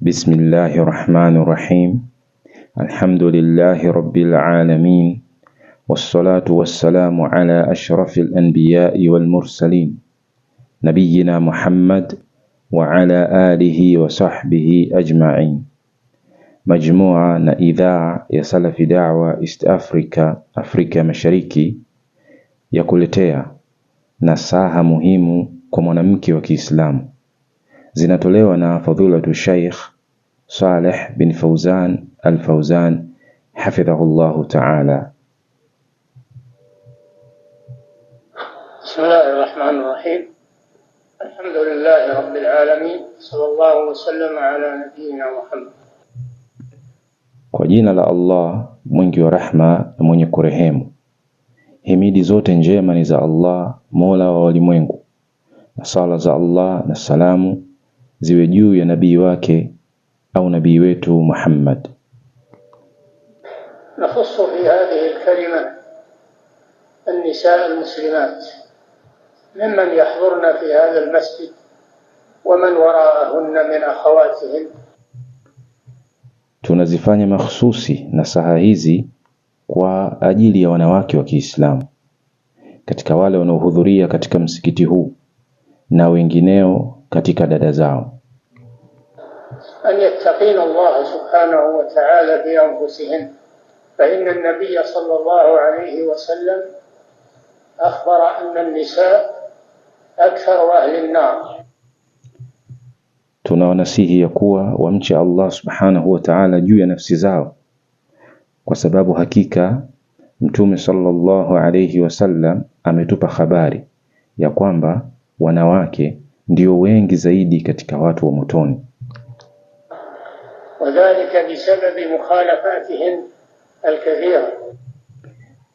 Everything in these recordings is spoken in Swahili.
بسم الله الرحمن الرحيم الحمد لله رب العالمين والصلاة والسلام على أشرف الأنبياء والمرسلين نبينا محمد وعلى آله وصحبه أجمعين مجموعة نإذاع idhaa ya دعوة Dawa أفريكا Africa Afrika Mashariki نساها kuletea nasaha muhimu وكي mwanamke zinatolewa na Fadhilatu Sheikh Saleh bin Fauzan Al-Fauzan hafidhahullahu ta'ala. Bismillahir Rahmanir Rahim. Alhamdulillahi Rabbil Alamin. Sallallahu wa ala nabiyyina Muhammad. Kwa jina la Allah mwingi wa rahma na mwenye kurehemu. Himidi zote njema ni za Allah, Mola wa walimwengu, na sala za Allah na salamu ziwe juu ya nabii wake au nabii wetu Muhammad. Nakhussu fi hadhihi alkalima an-nisaa al mimman yahdhurna fi hadha almasjid wa man waraahunna min akhawatihim tunazifanya mahsusi na saha hizi kwa ajili ya wanawake wa Kiislamu katika wale wanaohudhuria katika msikiti huu na wengineo katika dada zao an Allah subhanahu wa ta'ala bi anfusihim fa inna an-nabiy sallallahu alayhi wa sallam akhbara anna an-nisa aktharu ahli an-nar sihi ya kuwa wamche Allah subhanahu wa ta'ala juu ya nafsi zao kwa sababu hakika Mtume sallallahu alayhi sallam ametupa habari ya kwamba wanawake ndio wengi zaidi katika watu wa motoni. Wadhalika bisababi mukhalafatihim alkathira,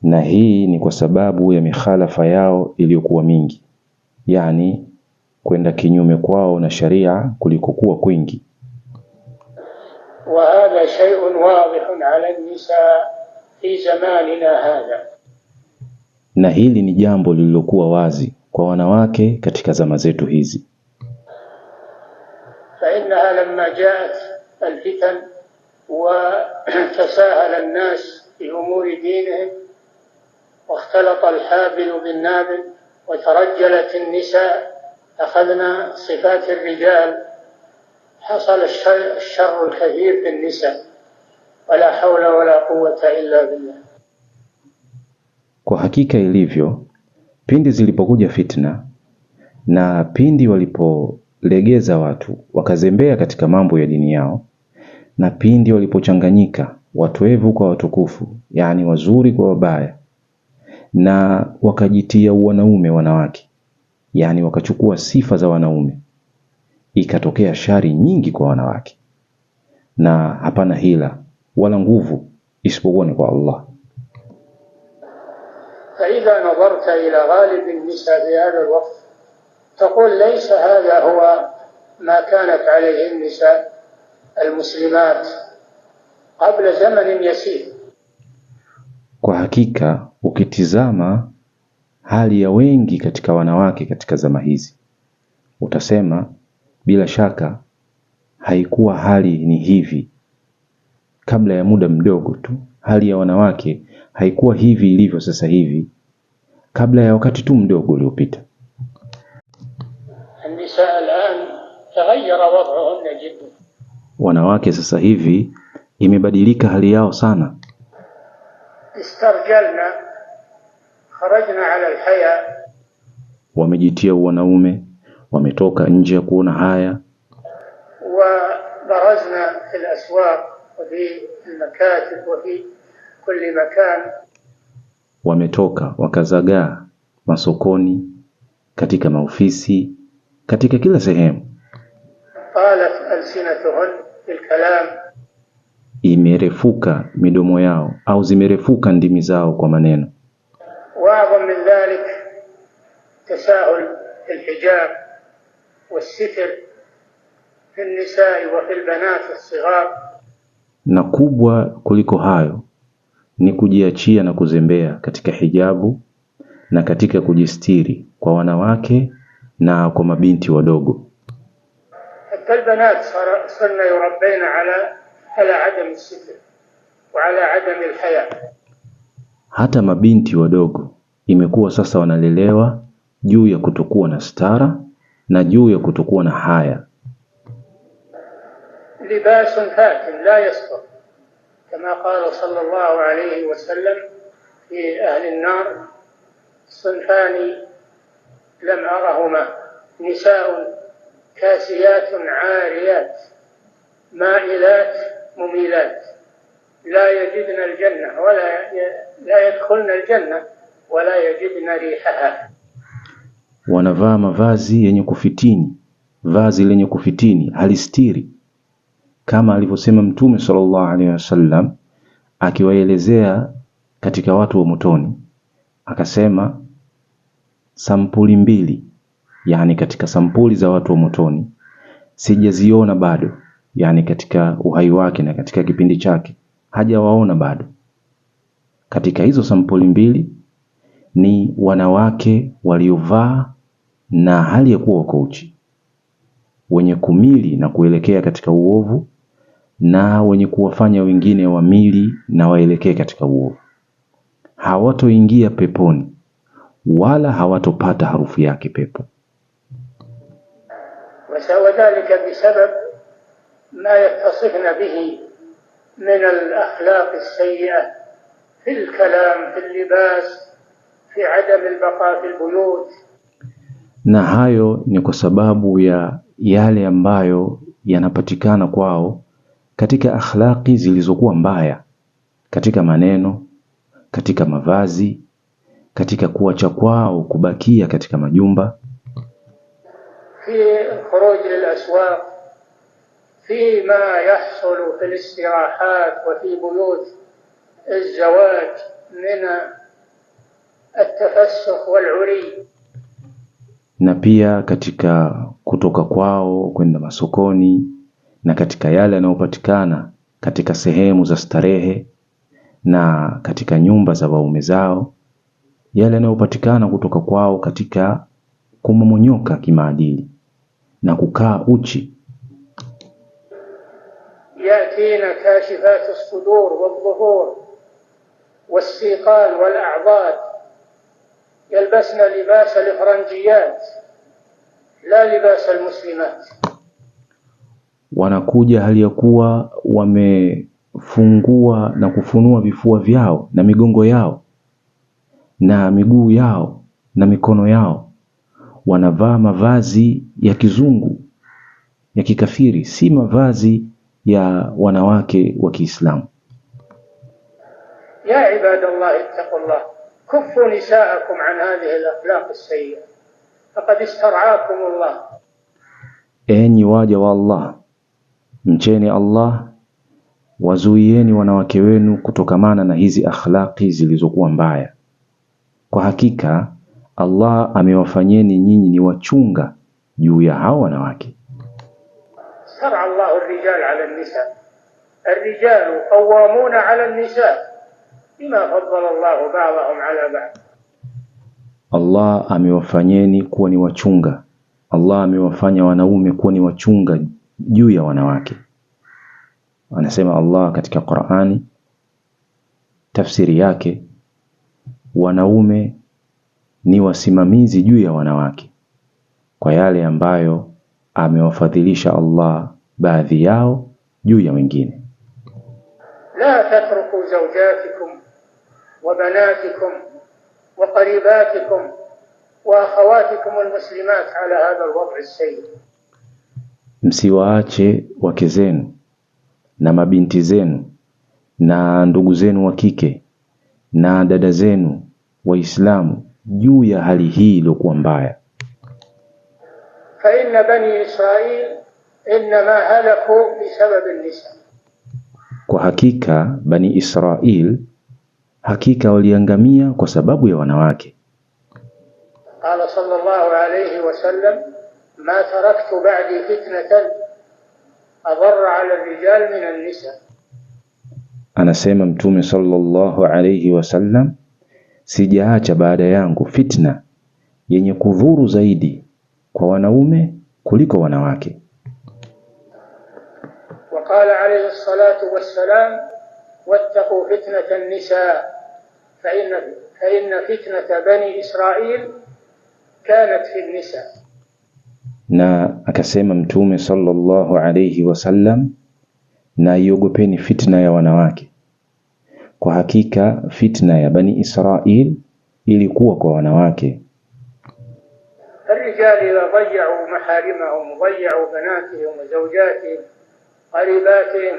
na hii ni kwa sababu ya mikhalafa yao iliyokuwa mingi, yani kwenda kinyume kwao na sharia kulikokuwa kwingi. Wa hadha shay'un wadihun ala an-nisa fi zamanina hadha, na hili ni jambo lililokuwa wazi kwa wanawake katika zama zetu hizi. fainaha lamma jaat alfitan watasahala alnas fi umuri dinihim wakhtalata alhabilu binnabil watarajalat alnisa akhadhna sifat alrijal hasala alsharru alkathir fi alnisa wala hawla wala quwwata illa billah. Kwa hakika ilivyo pindi zilipokuja fitna na pindi walipolegeza watu wakazembea katika mambo ya dini yao, na pindi walipochanganyika watwevu kwa watukufu, yaani wazuri kwa wabaya, na wakajitia wanaume wanawake, yaani wakachukua sifa za wanaume, ikatokea shari nyingi kwa wanawake, na hapana hila wala nguvu isipokuwa ni kwa Allah. فإذا نظرت إلى غالب النساء في هذا الوقت تقول ليس هذا هو ما كانت عليه النساء المسلمات قبل زمن يسير Kwa hakika ukitizama hali ya wengi katika wanawake katika zama hizi utasema bila shaka haikuwa hali ni hivi kabla ya muda mdogo tu. Hali ya wanawake haikuwa hivi ilivyo sasa hivi kabla ya wakati tu mdogo uliopita. Wanawake sasa hivi imebadilika hali yao sana. Istarjalna kharajna ala alhaya, wamejitia wanaume, wametoka nje ya kuona haya. Wa barazna fil aswaq wa fi almakatib wa fi kulli makan wametoka wakazagaa masokoni, katika maofisi, katika kila sehemu. talat alsinatuhun bilkalam, imerefuka midomo yao au zimerefuka ndimi zao kwa maneno. waadham min dhalik tasahul alhijab wassitr fi nisai wa fi lbanat alsighar, na kubwa kuliko hayo ni kujiachia na kuzembea katika hijabu na katika kujistiri kwa wanawake na kwa mabinti wadogo. hata albanat yurabbaina ala ala adam sitr wa ala adam alhaya, hata mabinti wadogo imekuwa sasa wanalelewa juu ya kutokuwa na stara na juu ya kutokuwa na haya. libasun fatin la yastur كما قال صلى الله عليه وسلم في أهل النار صنفان لم أرهما نساء كاسيات عاريات مائلات مميلات لا يجدن الجنة ولا لا يدخلن الجنة ولا يجدن ريحها wanavaa فازي yenye فازي vazi lenye kufitini kama alivyosema Mtume sallallahu alaihi wasallam akiwaelezea katika watu wa motoni, akasema sampuli mbili, yani katika sampuli za watu wa motoni sijaziona bado, yani katika uhai wake na katika kipindi chake hajawaona bado. Katika hizo sampuli mbili ni wanawake waliovaa na hali ya kuwa wako uchi wenye kumili na kuelekea katika uovu na wenye kuwafanya wengine wamili na waelekee katika uovu. Hawatoingia peponi wala hawatopata harufu yake pepo. wasawa dhalika bisabab ma yattasifna bihi min alakhlaqi alsayi'a fi alkalam fi allibas fi adami lbaqa fi lbuyut na hayo ni kwa sababu ya yale ambayo yanapatikana kwao katika akhlaki zilizokuwa mbaya, katika maneno, katika mavazi, katika kuacha kwao kubakia katika majumba fi khuruj al-aswaq fi ma yahsul fi listirahat wa fi buyut al-zawaj min altafasukh waluri, na pia katika kutoka kwao kwenda masokoni na katika yale yanayopatikana katika sehemu za starehe na katika nyumba za waume zao, yale yanayopatikana kutoka kwao katika kumomonyoka kimaadili na kukaa uchi. yatina kashifat sudur wadhuhur wassiqan wala'dad yalbasna libasa lifranjiyat la libas almuslimat, wanakuja hali ya kuwa wamefungua na kufunua vifua vyao na migongo yao na miguu yao na mikono yao, wanavaa mavazi ya kizungu ya kikafiri, si mavazi ya wanawake wa Kiislamu. ya ibadallah ittaqullah kuffu nisaakum an hadhihi al as-sayyi'ah faqad istar'akum Allah, enyi waja wa Allah, mcheni Allah, wazuieni wanawake wenu kutokamana na hizi akhlaqi zilizokuwa mbaya. Kwa hakika Allah amewafanyeni nyinyi ni wachunga juu ya hao wanawake. Shara Allahu ar rijal ala an nisa ar arrijalu qawwamuna ala an nisa bima faddala Allahu ba'dahum ala ba'd Allah amewafanyeni kuwa ni wachunga. Allah amewafanya wanaume kuwa ni wachunga juu ya wanawake. Anasema Allah katika Qur'ani, tafsiri yake wanaume ni wasimamizi juu ya wanawake kwa yale ambayo amewafadhilisha Allah baadhi yao juu ya wengine. la tatruku zawjatikum wa banatikum وقريباتكم واخواتكم المسلمات على هذا الوضع السيء msiwaache wake zenu na mabinti zenu na ndugu zenu wa kike na dada zenu Waislamu juu ya hali hii iliyokuwa mbaya. fa inna bani Israil inma halaku bisababi nisa, kwa hakika bani Israil Hakika waliangamia kwa sababu ya wanawake. Qala sallallahu alayhi wa sallam ma taraktu ba'di fitnatan adarra ala rijal min an-nisa, anasema Mtume sallallahu alayhi wa sallam, sijaacha baada yangu fitna yenye kudhuru zaidi kwa wanaume kuliko wanawake. Waqala qala alayhi salatu wassalam واتقوا فتنة النساء فإن فإن فتنة bani Israil kanat fi nisa. Na akasema Mtume sallallahu alayhi wasallam, na iogopeni fitna ya wanawake, kwa hakika fitna ya bani Israil ilikuwa kwa wanawake. Arrijali idha dayau maharimahum dayau banatihim wa zawjatihim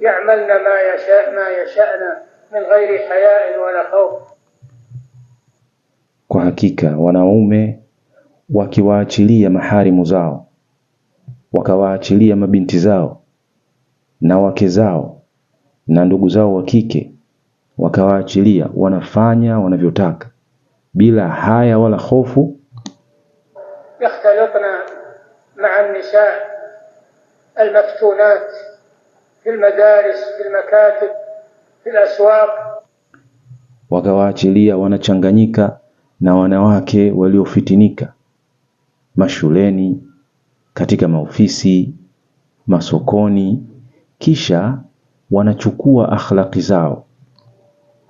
يعملن ما يشاء ما يشأن min غير حياء wala خوف Kwa hakika wanaume wakiwaachilia maharimu zao wakawaachilia mabinti zao na wake zao na ndugu zao wa kike wakawaachilia, wanafanya wanavyotaka bila haya wala hofu. yakhtalutna maa nisaa almaftunat في المدارس في المكاتب في الاسواق. Wakawaachilia wanachanganyika na wanawake waliofitinika mashuleni, katika maofisi, masokoni, kisha wanachukua akhlaqi zao.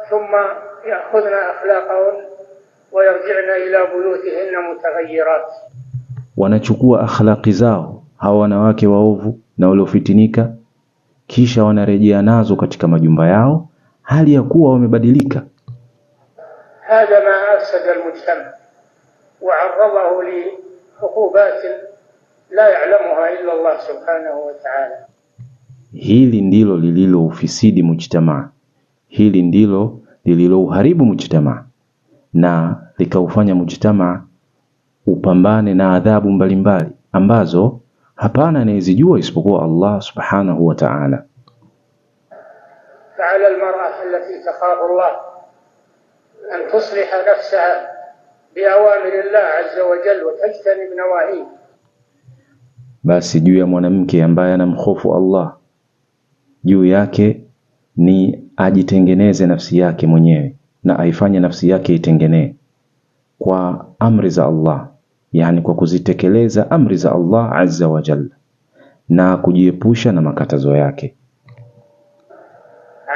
thumma ya'khudhna akhlaqahun wa yarji'na ila buyutihinna mutaghayyirat, wanachukua akhlaqi zao hawa wanawake waovu na waliofitinika kisha wanarejea nazo katika majumba yao hali ya kuwa wamebadilika. hadha ma afsada almujtama wa arradahu li hukubatin la ya'lamuha illa Allah subhanahu wa ta'ala, hili ndilo lililoufisidi mujtamaa, hili ndilo lililouharibu mujtamaa na likaufanya mujtamaa upambane na adhabu mbalimbali ambazo hapana anayezijua isipokuwa Allah subhanahu wa ta'ala. فعلى المرأة التي تخاف الله أن تصلح نفسها بأوامر الله عز وجل وتجتنب نواهيه. Basi juu ya mwanamke ambaye anamhofu Allah, juu yake ni ajitengeneze nafsi yake mwenyewe na aifanye nafsi yake itengenee kwa amri za Allah yani kwa kuzitekeleza amri za Allah azza wa jalla na kujiepusha na makatazo yake.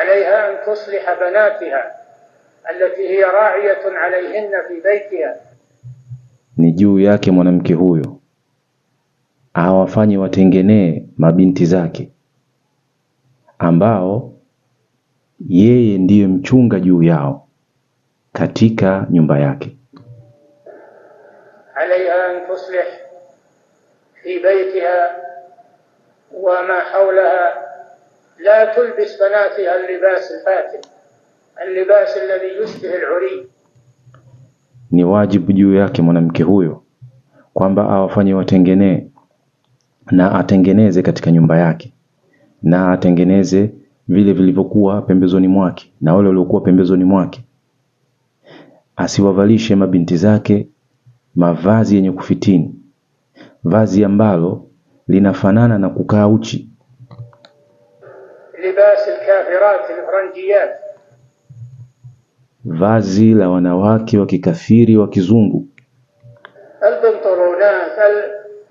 alaiha an tusliha banatiha allati hiya ra'iyatun alayhinna fi baytiha, ni juu yake mwanamke huyo awafanye watengenee mabinti zake ambao yeye ndiye mchunga juu yao katika nyumba yake. عليها أن تصلح في بيتها وما حولها لا تلبس بناتها اللباس الفاتن اللباس الذي يشبه العري ni wajibu juu yake mwanamke huyo kwamba awafanye watengenee na atengeneze katika nyumba yake na atengeneze vile vilivyokuwa pembezoni mwake na wale waliokuwa pembezoni mwake asiwavalishe mabinti zake mavazi yenye kufitini, vazi ambalo linafanana na kukaa uchi, libas alkafirat vazi la wanawake wa kikafiri wa kizungu,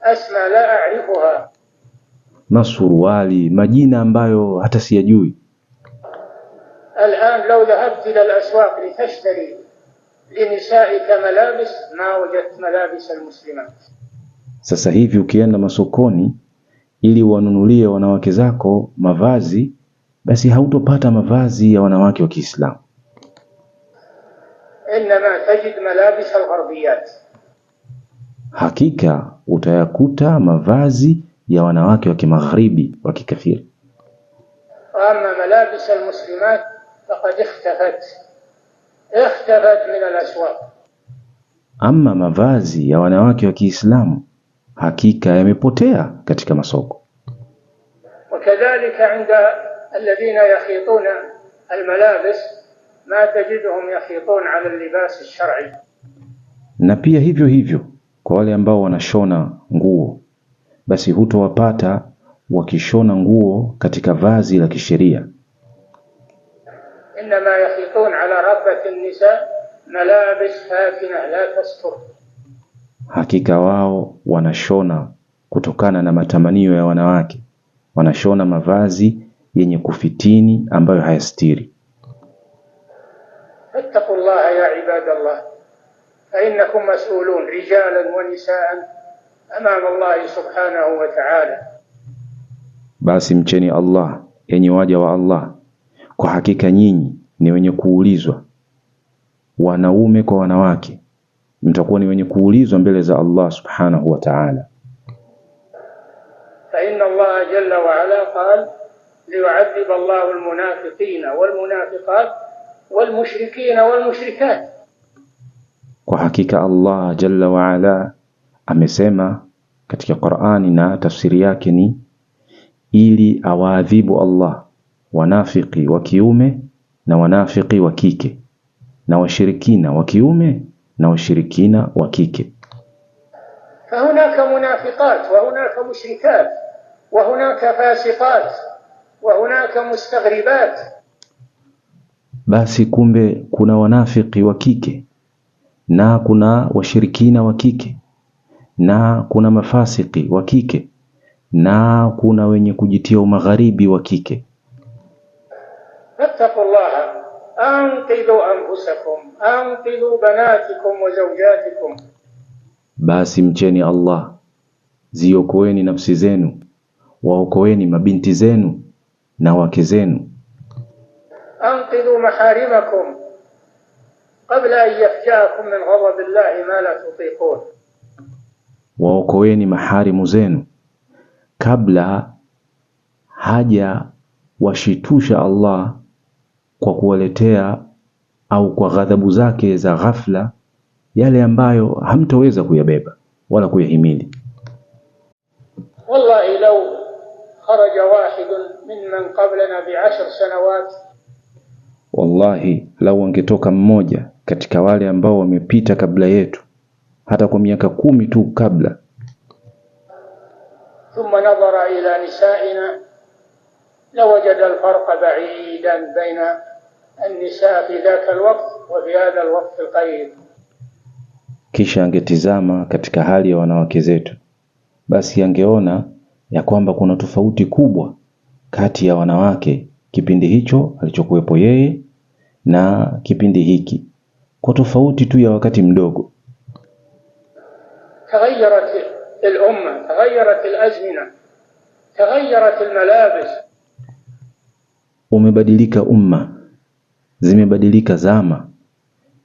alasma la arifuha, masuruali majina ambayo hata siyajui. Alan dhahabt ila alaswaq litashtari linisa'ika malabis ma wajat malabis almuslimat. Sasa hivi ukienda masokoni ili wanunulie wanawake zako mavazi, basi hautopata mavazi ya wanawake wa Kiislamu. Innama tajid malabis algharbiyat, hakika utayakuta mavazi ya wanawake wa kimagharibi wa kikafiri. Wa amma malabis almuslimat faqad ikhtafat ama mavazi ya wanawake wa Kiislamu hakika yamepotea katika masoko. Wakadhalika inda alladhina yakhituna almalabis ma tajiduhum yakhitun ala allibas alshar'i, na pia hivyo hivyo kwa wale ambao wanashona nguo, basi hutowapata wakishona nguo katika vazi la kisheria. إنما يخيطون ala rafati nisa malabis hafina la tastur, hakika wao wanashona kutokana na matamanio ya wanawake, wanashona mavazi yenye kufitini ambayo hayastiri. fattaqu llaha ya ibadallah fainnakum masulun rijalan wa nisaan amama llahi subhanahu wa ta'ala, basi mcheni Allah, enyi waja wa Allah kwa hakika nyinyi ni wenye kuulizwa, wanaume kwa wanawake, mtakuwa ni wenye kuulizwa mbele za Allah subhanahu wa ta'ala. fa inna Allah jalla wa ala qal liyu'adhib allah almunafiqina walmunafiqat walmushrikina walmushrikat, kwa hakika Allah jalla wa ala amesema katika Qur'ani na tafsiri yake ni ili awaadhibu Allah wanafiki wa kiume na wanafiki wa kike na washirikina wa kiume na washirikina wa kike. Fahunaka munafiqat wa hunaka mushrikat wa hunaka fasiqat wa hunaka mustaghribat, basi kumbe kuna wanafiki wa kike na kuna washirikina wa kike na kuna mafasiki wa kike na kuna wenye kujitia umagharibi wa kike. فاتقوا الله anqidhu anfusakum anqidhu banatikum wa zawjatikum, basi mcheni Allah, ziokoeni nafsi zenu, waokoeni mabinti zenu na wake zenu. anqidhu maharimakum qabla an yafjaakum min ghadab Allah ma la tutiqun, waokoeni maharimu zenu kabla haja washitusha Allah kwa kuwaletea au kwa ghadhabu zake za ghafla yale ambayo hamtaweza kuyabeba wala kuyahimili. wallahi lau kharaja wahidun mimman qablana bi ashar sanawat, wallahi lau wangetoka mmoja katika wale ambao wamepita kabla yetu hata kwa miaka kumi tu kabla. thumma nadhara ila nisaina lawajada alfarqa ba'idan baina النساء في ذاك الوقت وفي هذا الوقت القريب kisha angetizama katika hali ya wanawake zetu, basi angeona ya kwamba kuna tofauti kubwa kati ya wanawake kipindi hicho alichokuwepo yeye na kipindi hiki, kwa tofauti tu ya wakati mdogo. taghayyarat al-umma taghayyarat al-azmina al-malabis, umebadilika umma Zimebadilika zama,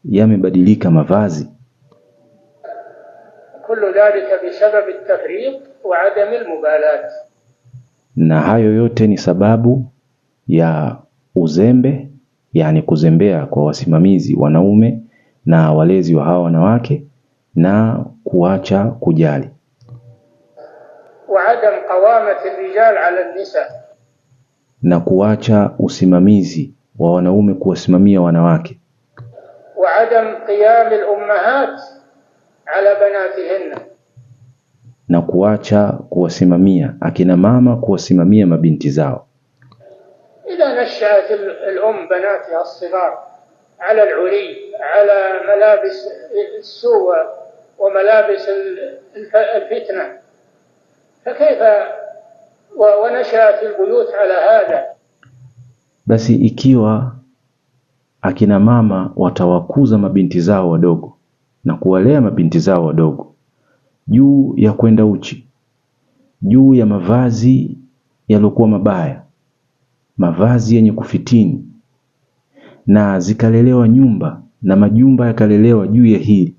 yamebadilika mavazi. kullu dhalika bisabab at-tafriq wa adam al-mubalat, na hayo yote ni sababu ya uzembe, yani kuzembea kwa wasimamizi wanaume na walezi wa hawa wanawake na kuacha kujali. wa adam qawamat rijal ala nisa na kuacha usimamizi wa wanaume kuwasimamia wanawake wa adam qiyam al-ummahat ala banatihinna na kuacha kuwasimamia akina mama kuwasimamia mabinti zao idha nashat al-um banatiha as-sighar ala al-uli ala malabis as-suwa wa malabis al-fitna فكيف ونشأت البيوت على هذا Basi ikiwa akina mama watawakuza mabinti zao wadogo na kuwalea mabinti zao wadogo juu ya kwenda uchi, juu ya mavazi yaliyokuwa mabaya, mavazi yenye kufitini, na zikalelewa nyumba na majumba yakalelewa juu ya hili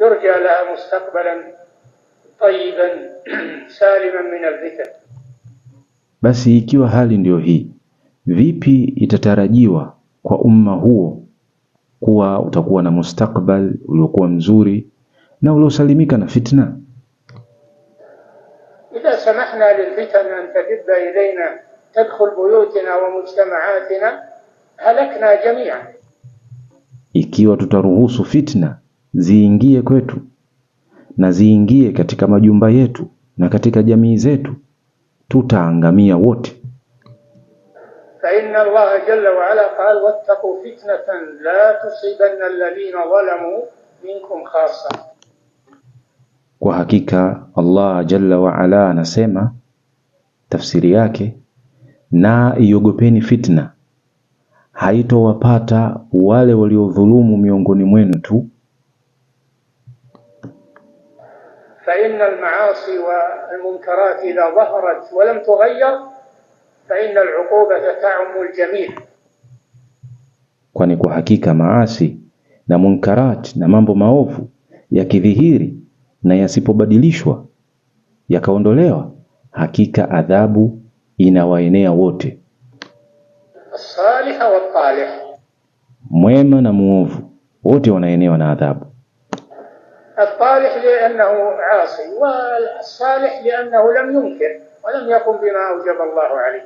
yurja laha tayyiban saliman min alfitan, basi ikiwa hali ndiyo hii, vipi itatarajiwa kwa umma huo kuwa utakuwa na mustakbal uliokuwa mzuri na uliosalimika na fitna? idha samahna lilfitan an tafidda ilayna tadkhul buyutina wa mujtamaatina halakna jami'an, ikiwa tutaruhusu fitna ziingie kwetu na ziingie katika majumba yetu na katika jamii zetu, tutaangamia wote. fa Allaha jalla wa ala qala wattaqu fitnatan la tusibanna alladhina zalamu minkum khassa, kwa hakika Allah jalla wa ala anasema, tafsiri yake, na iogopeni fitna, haitowapata wale waliodhulumu miongoni mwenu tu فإن المعاصي والمنكرات إذا ظهرت ولم تغير فإن العقوبة تعم الجميع kwani kwa hakika maasi na munkarat na mambo maovu yakidhihiri na yasipobadilishwa yakaondolewa, hakika adhabu inawaenea wote, mwema na muovu wote wanaenewa na adhabu. الطالح لأنه عاصي والصالح لأنه لم ينكر ولم يقم بما أوجب الله عليه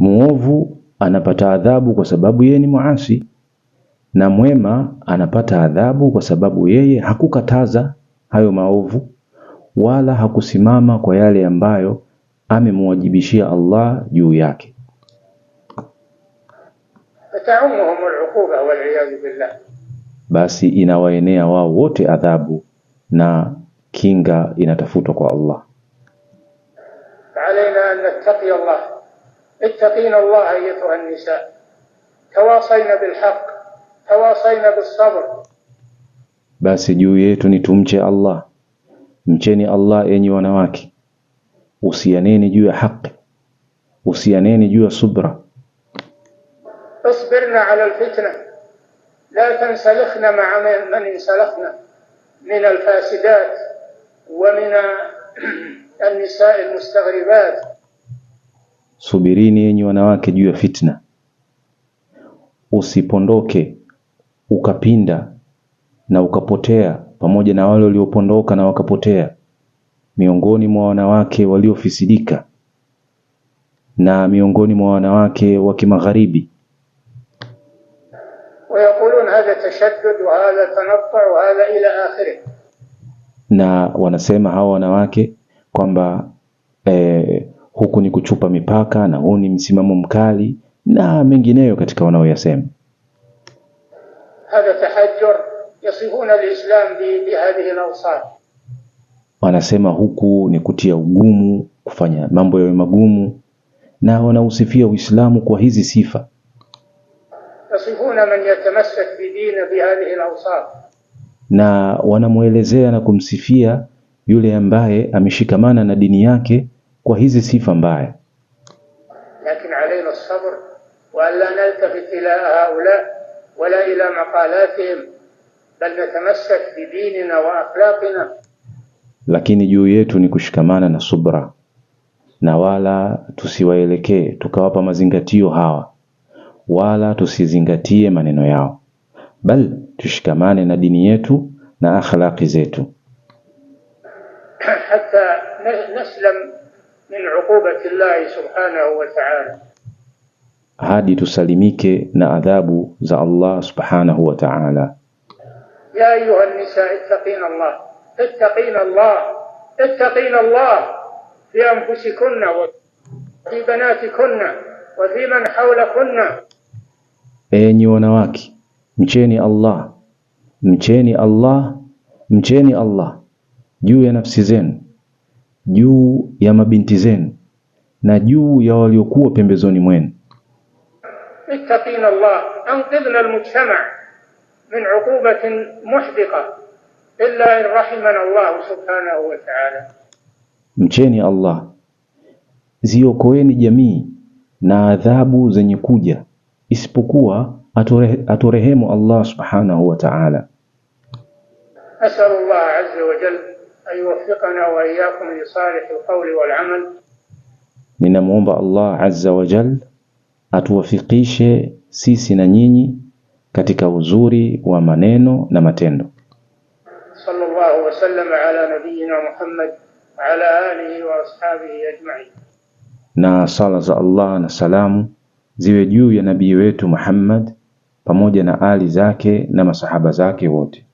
muovu anapata adhabu kwa sababu yeye ni muasi na mwema anapata adhabu kwa sababu yeye hakukataza hayo maovu wala hakusimama kwa yale ambayo amemwajibishia Allah juu yake. al-uquba wal-iyadhu billah basi inawaenea wao wote adhabu na kinga inatafutwa kwa Allah. Alaina an nattaqi Allah ittaqina Allah ayyatuha an-nisa tawasaina bil haqq tawasayna bis sabr, basi juu yetu ni tumche Allah, mcheni Allah enyi wanawake, usianeni juu ya haki, usianeni juu ya subra. Asbirna ala alfitna لا تنسلخن مع من انسلخن من الفاسدات ومن النساء المستغربات Subirini yenye wanawake juu ya fitna, usipondoke ukapinda na ukapotea pamoja na wale waliopondoka na wakapotea miongoni mwa wanawake waliofisidika na miongoni mwa wanawake wa kimagharibi هذا tashaddud wa hadha tanattu' wa hadha Na wanasema hawa wanawake kwamba eh, huku ni kuchupa mipaka na huu ni msimamo mkali na mengineyo katika wanaoyasema. Hadha tahajjur yasifuna alislam bi hadhihi wanasema huku ni kutia ugumu, kufanya mambo yawe magumu, na wanausifia Uislamu kwa hizi sifa man yatamassak bidina bihadhihi alawsaf, na wanamwelezea na kumsifia yule ambaye ameshikamana na dini yake kwa hizi sifa mbaya. Lakin alayna sabr wa alla naltafit ila haula wala ila maqalatihim bal natamassak bidinina wa lakini juu yetu ni kushikamana na subra na wala tusiwaelekee tukawapa mazingatio hawa wala tusizingatie maneno yao, bal tushikamane na dini yetu na akhlaqi zetu hatta naslam min uqubati llahi subhanahu wa ta'ala, hadi tusalimike na adhabu za Allah subhanahu wa ta'ala. ya ayuha nisa ittaqina Allah ittaqina Allah ittaqina Allah fi anfusikunna wa fi banatikunna wa fi man hawlakunna enyi wanawake, mcheni Allah, mcheni Allah, mcheni Allah juu ya nafsi zenu, juu ya mabinti zenu na juu ya waliokuwa pembezoni mwenu. ittaqina Allah anqidhna almujtama min uqubatin muhdiqa illa in rahimana Allah subhanahu wa ta'ala, mcheni Allah, ziokoeni jamii na adhabu zenye kuja isipokuwa aturehemu Allah subhanahu wa ta'ala. As'alu Allah azza wa jalla an yuwaffiqana wa iyyakum li salihi alqawli wal amal, ninamwomba Allah azza wa jalla atuwafikishe sisi na nyinyi katika uzuri wa maneno na matendo. Sallallahu wa sallam ala nabiyyina Muhammad wa ala alihi wa ashabihi ajma'in, na sala za Allah na salamu ziwe juu ya nabii wetu Muhammad pamoja na ali zake na masahaba zake wote.